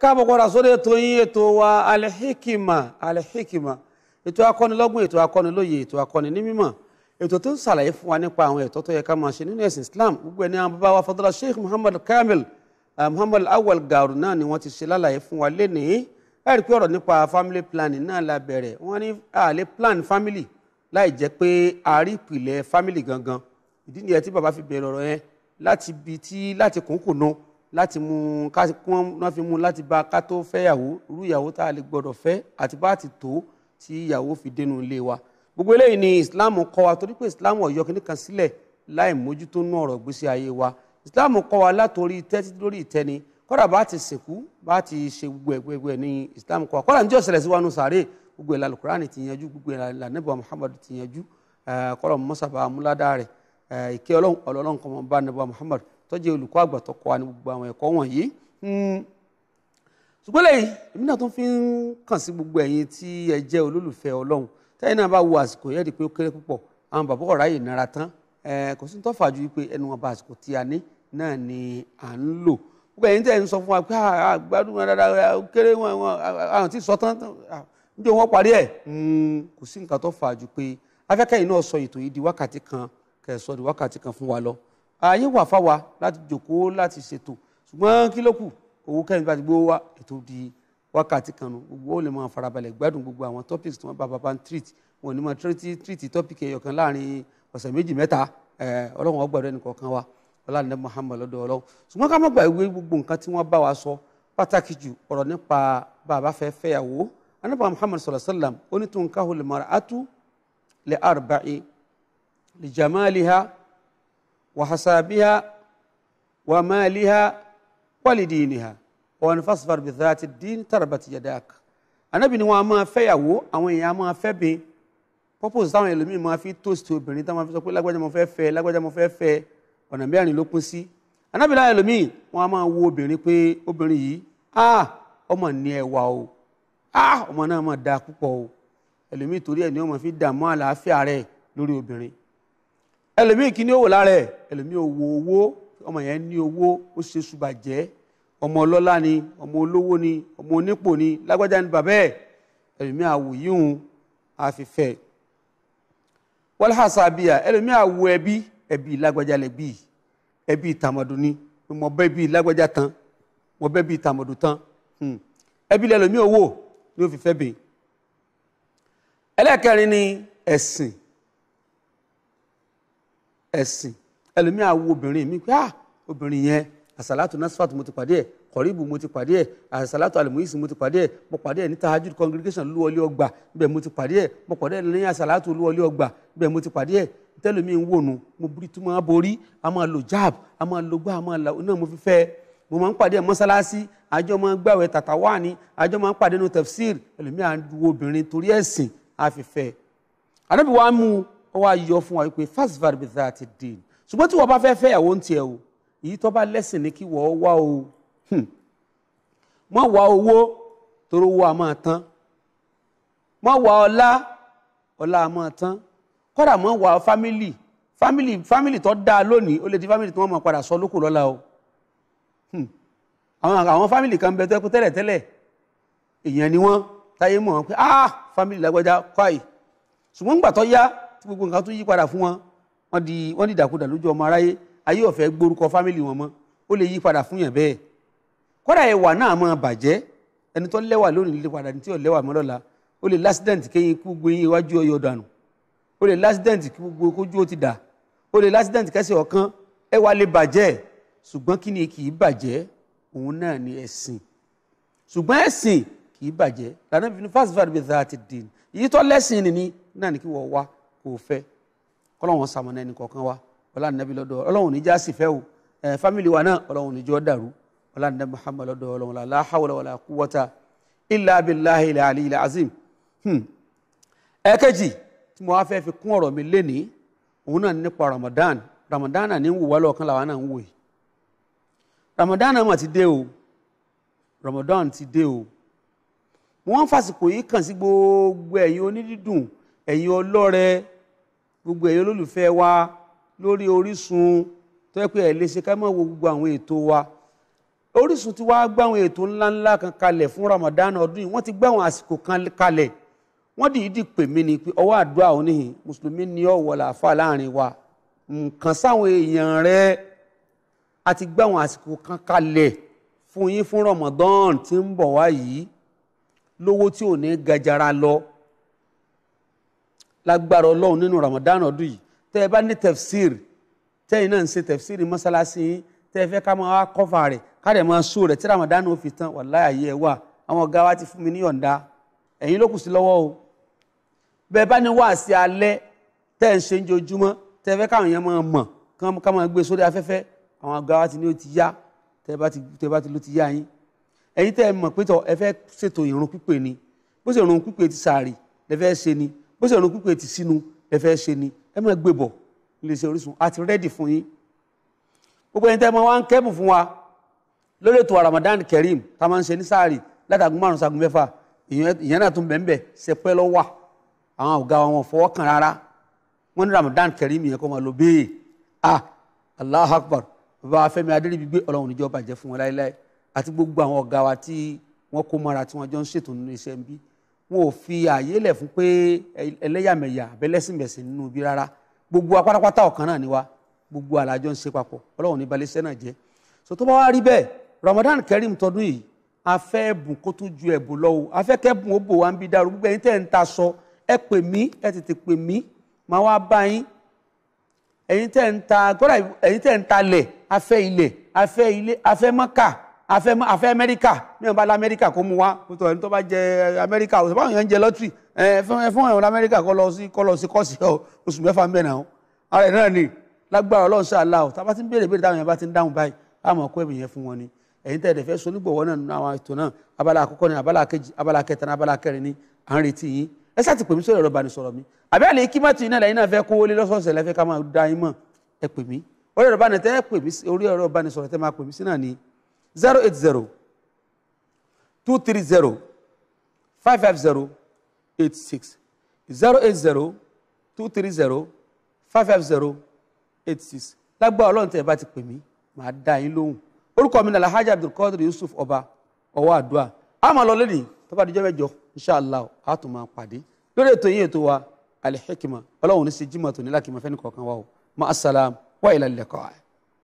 káàbọ̀ padà sórí ètò yín ètò wa alihikima alihikima ètò akọ́nilọ́gbọ̀n ètò akọ́nilóye ètò akọ́ni ní mímọ̀ ètò tó ń ṣàlàyé fún wa nípa àwọn ẹ̀tọ́ tó yẹ ká máa ṣe nínú ẹ̀sìn Islam gbogbo ẹni àwọn bàbá wa fọdọ́lá Sheikh Muhammad Kamil eh, Muhammad Awal Garu náà ni wọ́n ti ṣe lálàyé fún wa lénìí ẹ rí pé ọ̀rọ̀ nípa family planning náà la bẹ̀rẹ̀ wọ́n ní àlè plan family láì jẹ́ pé àárí ìpìlẹ̀ family gangan ìdí nìyẹn tí bàbá fi bẹ̀rẹ̀ ọ̀rọ̀ yẹn láti bi tí láti kúnkùnú láti mú ká wọ́n fi mú láti bá ká tó fẹ́ yàwó irú ìyàwó tá a lè gbọ́dọ̀ fẹ́ àti bá ti tó tí ìyàwó fi dénú ilé wa gbogbo eléyìí ni islam kọ́ wa torí pé islam ò yọ kíní kan sílẹ̀ láì mójútó nú ọ̀rọ̀ gbèsè ayé wa islam kọ́ wa látòrí ìtẹ́ lórí ìtẹ́ ni kódà bá ti sìnkú bá ti ṣe gbogbo ẹgbẹgbẹ ní islam kọ́ wa kódà níjọ́ ṣẹlẹ̀ sí wa nù sàárè gbogbo ẹ̀ lálùkùránì ti yanjú gbogbo ẹ̀ lànàbọ̀ muhammad ti yanjú kọ́lọ̀ mọ́sàbà amúládàá rẹ̀ ìkẹ́ ọlọ́run ọlọ́run kọ́mọ bá nàbọ̀ muhammad tó jẹ́ olùkọ́ àgbà tó kọ́ wa ní gbogbo àwọn ẹ̀kọ́ wọ̀nyí hmm. ṣùgbọ́n lẹ́yìn èmi náà tó fi ń kàn sí gbogbo ẹ̀yin tí ẹ jẹ́ olólùfẹ́ ọlọ́run tẹ́yìn náà bá wo àsìkò yẹ́ẹ̀dì pé ó kéré púpọ̀ àwọn bàbá ọ̀rá yìí nara tán kò sí tó fàájú wípé ẹnu wọn àsìkò tí a ní náà ni à ń lò gbogbo ẹ̀yin tẹ́yìn sọ fún wa pé àgbàdo wọn dáadáa ó kéré wọn àwọn tí sọ tán níjọ wọn parí ẹ̀ hmm, kò sí nǹkan tó fàájú ààyè wà fáwa láti jòkóó láti ṣètò ṣùgbọ́n kí ló kù owó kẹ́yìn bá ti gbówó wá ètò di wákàtí kan nu gbogbo ó lè máa farabalẹ̀ gbádùn gbogbo àwọn topics tí wọ́n bá bàbá ń treat wọn ni máa treat treat topic ẹyọ kan láàrin ọ̀sẹ̀ méjì mẹ́ta ọlọ́run ọgbàdo ẹnì kọ̀ọ̀kan wa ọlọ́run Muhammad lọ́dọ̀ ọlọ́run ṣùgbọ́n ká má gbà ìwé gbogbo nǹkan tí wọ́n bá wa sọ pàtàkì jù ọ̀rọ̀ nípa bàbá fẹ́ fẹ́yàwó anábà Muhammad sallallahu onítùnkáhùn lè mara atu lè arba'i lè jamaliha وحسابها ومالها ولدينها وأن فاصبر بذات الدين تربت يداك Ànábì ni wọ́n a máa fẹ́ ìyàwó àwọn èèyàn a máa fẹ́ bí purpose táwọn ẹlòmíín máa fi toast obìnrin táwọn fi sọ pé lágbájá mo fẹ́ fẹ́ lágbájá mo fẹ́ fẹ́ ọ̀nà mẹ́rin ló pín sí Ànábì láwọn ẹlòmíín wọ́n a máa wo obìnrin pé obìnrin yìí ah ọmọ ní ẹwà o ah ọmọ náà máa da púpọ̀ o ẹlòmíín torí ẹ̀ ni wọ́n máa fi dààmú àlàáfíà rẹ̀ lórí obìnrin ẹlòmíín kí ni ó wò lára ẹ̀ ẹlòmíì ò wo owó ọmọ yẹn ní owó ó ṣe ṣùbàjẹ́ ọmọ ọlọ́lá ni ọmọ olówó ni ọmọ onípò ni lágbájá ni bàbá ẹ̀ ẹlòmíì àwò yíhun àfìfẹ́ wàlhásà bíyà ẹlòmíì àwò ẹbí ẹbí lágbájá lẹbí ẹbí tàmọ̀dù ni mo bẹ́ bí lágbájá tán mo bẹ́ bí tàmọ̀dù tán hmm. ẹbí lẹlòmíì owó ni ó fi fẹ́ bẹ́ẹ̀ ẹlẹ́ẹ̀kẹrin ni ẹ̀sìn ẹ̀sìn ẹlòmíì á wo obìnrin mi pé ah obìnrin yẹn àsàlátù nasfat mo ti pàdé ẹ̀ kọ̀ríbù mo ti pàdé ẹ̀ àsàlátù alimuhis mo ti pàdé ẹ̀ mo pàdé ẹ̀ ní tahajud congregation olúwọlé ọgbà bẹ́ẹ̀ mo ti pàdé ẹ̀ mo pàdé ẹ̀ lẹ́yìn àsàlátù olúwọlé ọgbà bẹ́ẹ̀ mo ti pàdé ẹ̀ tẹ́lẹ̀mí ń wò nu mo buri tó máa borí a máa lo jab a máa lo gbá a máa la náà mo fi fẹ́ mo máa ń pàdé ẹ̀ mọ́sálásí àjọ máa ń gbàwẹ̀ tàtà wà ní àjọ máa ń pàdé nu tafsir ẹlòmí à obìnrin torí ẹ̀sìn àfìfẹ́ àdébìwá mú ọ wá fún wa pé fásitì fàdébìtà ti dín ṣùgbọ́n tí wọ́n bá fẹ́ fẹ́ ìyàwó ń tiẹ̀ o èyí tó bá lẹ́sìn ní kí wọ́n wá o mọ́ hmm. wá owó toró owó a máa tán mọ́ wá ọlá ọlá a máa tán kódà mọ́ wá fámìlì fámìlì fámìlì tó dáa lónìí ó lè di fámìlì tí wọ́n máa padà sọ lóko lọ́la o hmm. àwọn àwọn fámìlì kan bẹ tó ẹkú tẹ́lẹ̀ tẹ́lẹ̀ èèyàn ni wọ́n táyé mọ̀ wọn pé ah fámìlì lágbájá kwai ṣùgbọ́n ńgbà tó yá tí gbogbo nǹkan tó yí padà fún wọn wọ́n di wọ́n di dàkudà lójú ọmọ aráyé ayé ọ̀fẹ́ gbórúkọ fámìlì wọn mọ́ ó lè yí padà fún yàn bẹ́ẹ̀ kódà ẹwà náà máa bàjẹ́ ẹni tó lẹ́wà lónìí lè padà ní tí ò lẹ́wà mọ́ lọ́la ó lè lásìdẹ̀ǹt kéyin kú gbóyin iwájú ọyọ dànù ó lè lásìdẹ̀ǹt kí gbogbo kójú ó ti dà ó lè lásìdẹ̀ǹt kẹsẹ̀ ọ̀kan ẹwà lè bàjẹ́ ṣùgbọ́n kí ni kì í bàjẹ́ òun náà ni ẹ̀sìn ṣùgbọ́n ẹ̀sìn kì í bàjẹ́ lànà fásitì fàdùbẹ̀ dàtì dìn èyí tó lẹ́sìn nìní náà ni kí wọ́n wá kó fẹ́ kọ́lọ́wọ́n sàmọ́nà ẹnì kọ̀ọ̀kan wa ọlá nàbí lọ́dọ̀ ọlọ́wọ́n níjà sì fẹ́ o fámìlì wa náà ọlọ́wọ́n níjọ́ dàrú ọlá nàbí Muhammad lọ́dọ̀ ọlọ́wọ́n la hawla wala quwwata illa billahi al-aliyyil azim. Hmm. ẹ̀kejì tí mo wá fẹ́ fi kún ọ̀rọ̀ mi lénìí òun náà nípa Ramadan Ramadan ní wù wá lọ́ọ̀kan làwa náà ń wò yìí Ramadan mà ti dé o Ramadan ti dé o wọ́n fàsìkò yìí kàn sí gbogbo ẹ̀yin onídídùn ẹ̀yin ọlọ́rẹ̀ẹ́ gbogbo ẹ̀yin olólùfẹ́ wa lórí Orísun tó yẹ pé ẹ̀ lè ṣe ká mọ̀ wo gbogbo àwọn ètò wa Orísun ti wá gbá àwọn ètò ńláńlá kan kalẹ̀ fún Ramadan ọdún yìí wọ́n ti gbá àwọn àsìkò kan kalẹ̀ wọ́n dìídì pè mí ni pé ọwọ́ àdúrà oníhìn mùsùlùmí ni ọ̀wọ̀ làáfà láàrin wa nǹkan sáwọn èèyàn rẹ a ti gbá àwọn àsìkò kan kalẹ̀ fún yín fún Ramadan tí ń bọ̀ wá yìí lówó tí ò ní gajara lọ lágbára ọlọ́run nínú Ramadan ọdún yìí tẹ́ ẹ bá ní tefsir tẹ́yìn náà ń ṣe tefsir mọ́sálásí yín tẹ́ ẹ fẹ́ ká máa kọ́fà rẹ̀ ká máa sùn rẹ̀ tí Ramadan ó fi tán wàláyà yẹ wà àwọn ọ̀gá wa ti fún mi ní yọ̀ǹda ẹ̀yin ló kù sí lọ́wọ́ o bẹ́ẹ̀ bá ní wáàsí alẹ́ tẹ́ ẹ ń ṣe ń jojúmọ́ tẹ́ ẹ fẹ́ káwọn yẹn máa mọ̀ ká máa gbé e sórí afẹ́fẹ́ àwọn ọ̀gá wa ti ní ó ti yá tẹ́ ẹ bá ti ló ti yá yín ẹ̀yin tẹ́ ẹ mọ̀ pé tọ́ ẹ fẹ́ ṣètò ìrun pípé ni bó ṣe ìrun pípé ti sàárì lẹ́fẹ́ ṣe ni bó ṣe ọ̀run pípé ti sínú ẹ fẹ́ ṣe ni ẹ máa gbé bọ̀ iléeṣẹ́ Orísun àti rẹ́dì fún yín gbogbo ẹni tẹ́ mọ wá ń kẹ́bù fún wa lórí ètò Ramadan Kareem tá a máa ń ṣe ní sáàrì látàgùn márùn sagun mẹ́fà ìyẹn náà tún bẹ̀ẹ̀nbẹ̀ ṣẹpẹ́ lọ wà àwọn ọ̀gá wọn fọwọ́ kan rárá wọn ní Ramadan kerim yẹn kọ́ máa lọ bẹ́ẹ̀ ah Allah akbar bàbá Fẹ́mi Adéríbigbé Ọlọ́run níjọba jẹ́ fún wọn láéláé àti gbogbo àwọn ọ̀gá wa tí wọ́n kó mọ́ra tí wọ́n jọ ń ṣètò nínú iṣẹ́ ń wọn ò fi ààyè lẹ̀ fún pé ẹlẹ́yàmẹ̀yà abẹ́lẹ́sìnbẹ̀sìn nínú ibi rárá gbogbo apátápátá ọ̀kan náà ni wa gbogbo alájọ ń ṣe papọ̀ ọlọ́run ní balẹ̀ṣẹ́ náà jẹ́ so tó bá wá rí bẹ́ẹ̀ Ramadan Kareem tọdún yìí a fẹ́ ẹ̀bùn kó tún ju ẹ̀bùn lọ o a fẹ́ kẹ́bùn ó bò wá ń bi dàrú gbogbo ẹ̀yin tẹ́ ń ta sọ ẹ pè mí ẹ tètè pè mí máa wá bá yín ẹ̀yin tẹ́ ń ta kódà ẹ̀yin tẹ́ ń ta lẹ̀ a ilẹ̀ a ilé a mọ́kà afẹ́ afẹ́ amẹ́ríkà ní ọba lamẹ́ríkà kó mu wá tó ẹni tó bá jẹ amẹ́ríkà ọ̀sẹ̀ báwọn yẹn ń jẹ lọ́tìrì ẹ fún ẹ̀rọ lamẹ́ríkà kọ́ lọ sí kọ́ lọ sí kọ́ọ̀sì oṣù mẹ́fà ń bẹ̀ náà ara ẹ̀ náà ni lágbára ọlọ́run ṣáà láò tá a bá ti ń béèrè béèrè táwọn yẹn bá ti ń dáhùn báyìí á mọ̀ kó yẹn fún wọn ni ẹ̀yin tẹ̀ ẹ̀dẹ̀fẹ́ so onígbọ̀wọ́ náà nínú àwọn ètò náà abala àkọ́kọ́ ni abala kejì abala kẹta ní abala kẹrin ni à ń retí yín ẹ sáà ti pè mí sórí ẹ̀rọ ìbánisọ̀rọ̀ mi àbí àlè kí má tìyín náà lẹ́yìn náà fẹ́ kó wọlé lọ́sọ̀ọ̀sẹ̀ lẹ́fẹ́ ká máa da yín mọ̀ ẹ pè mí orí ẹ̀rọ ìbánisọ̀rọ̀ tẹ́ máa pè mí sí náà ni zero eight zero two three zero five five zero eight six zero eight zero two three zero five five zero eight six lágbára ọlọ́run tẹ̀ ẹ bá ti pè mí màá dá yín lóhùn orúkọ mi ni alhaji abdulkadir yusuf ọba ọwọ́ àdúrà a máa lọ lẹ́nìí tó bá dijọ́ mẹ́jọ inshàlá a tún máa pàdé lórí ètò yín ètò wa alihikima ọlọ́run ní sèjìmọ̀ tó ní lákìmọ̀ fẹ́ni kọ̀ọ̀kan wa o ma asalaam wa ilà lẹ́kọ̀ọ́.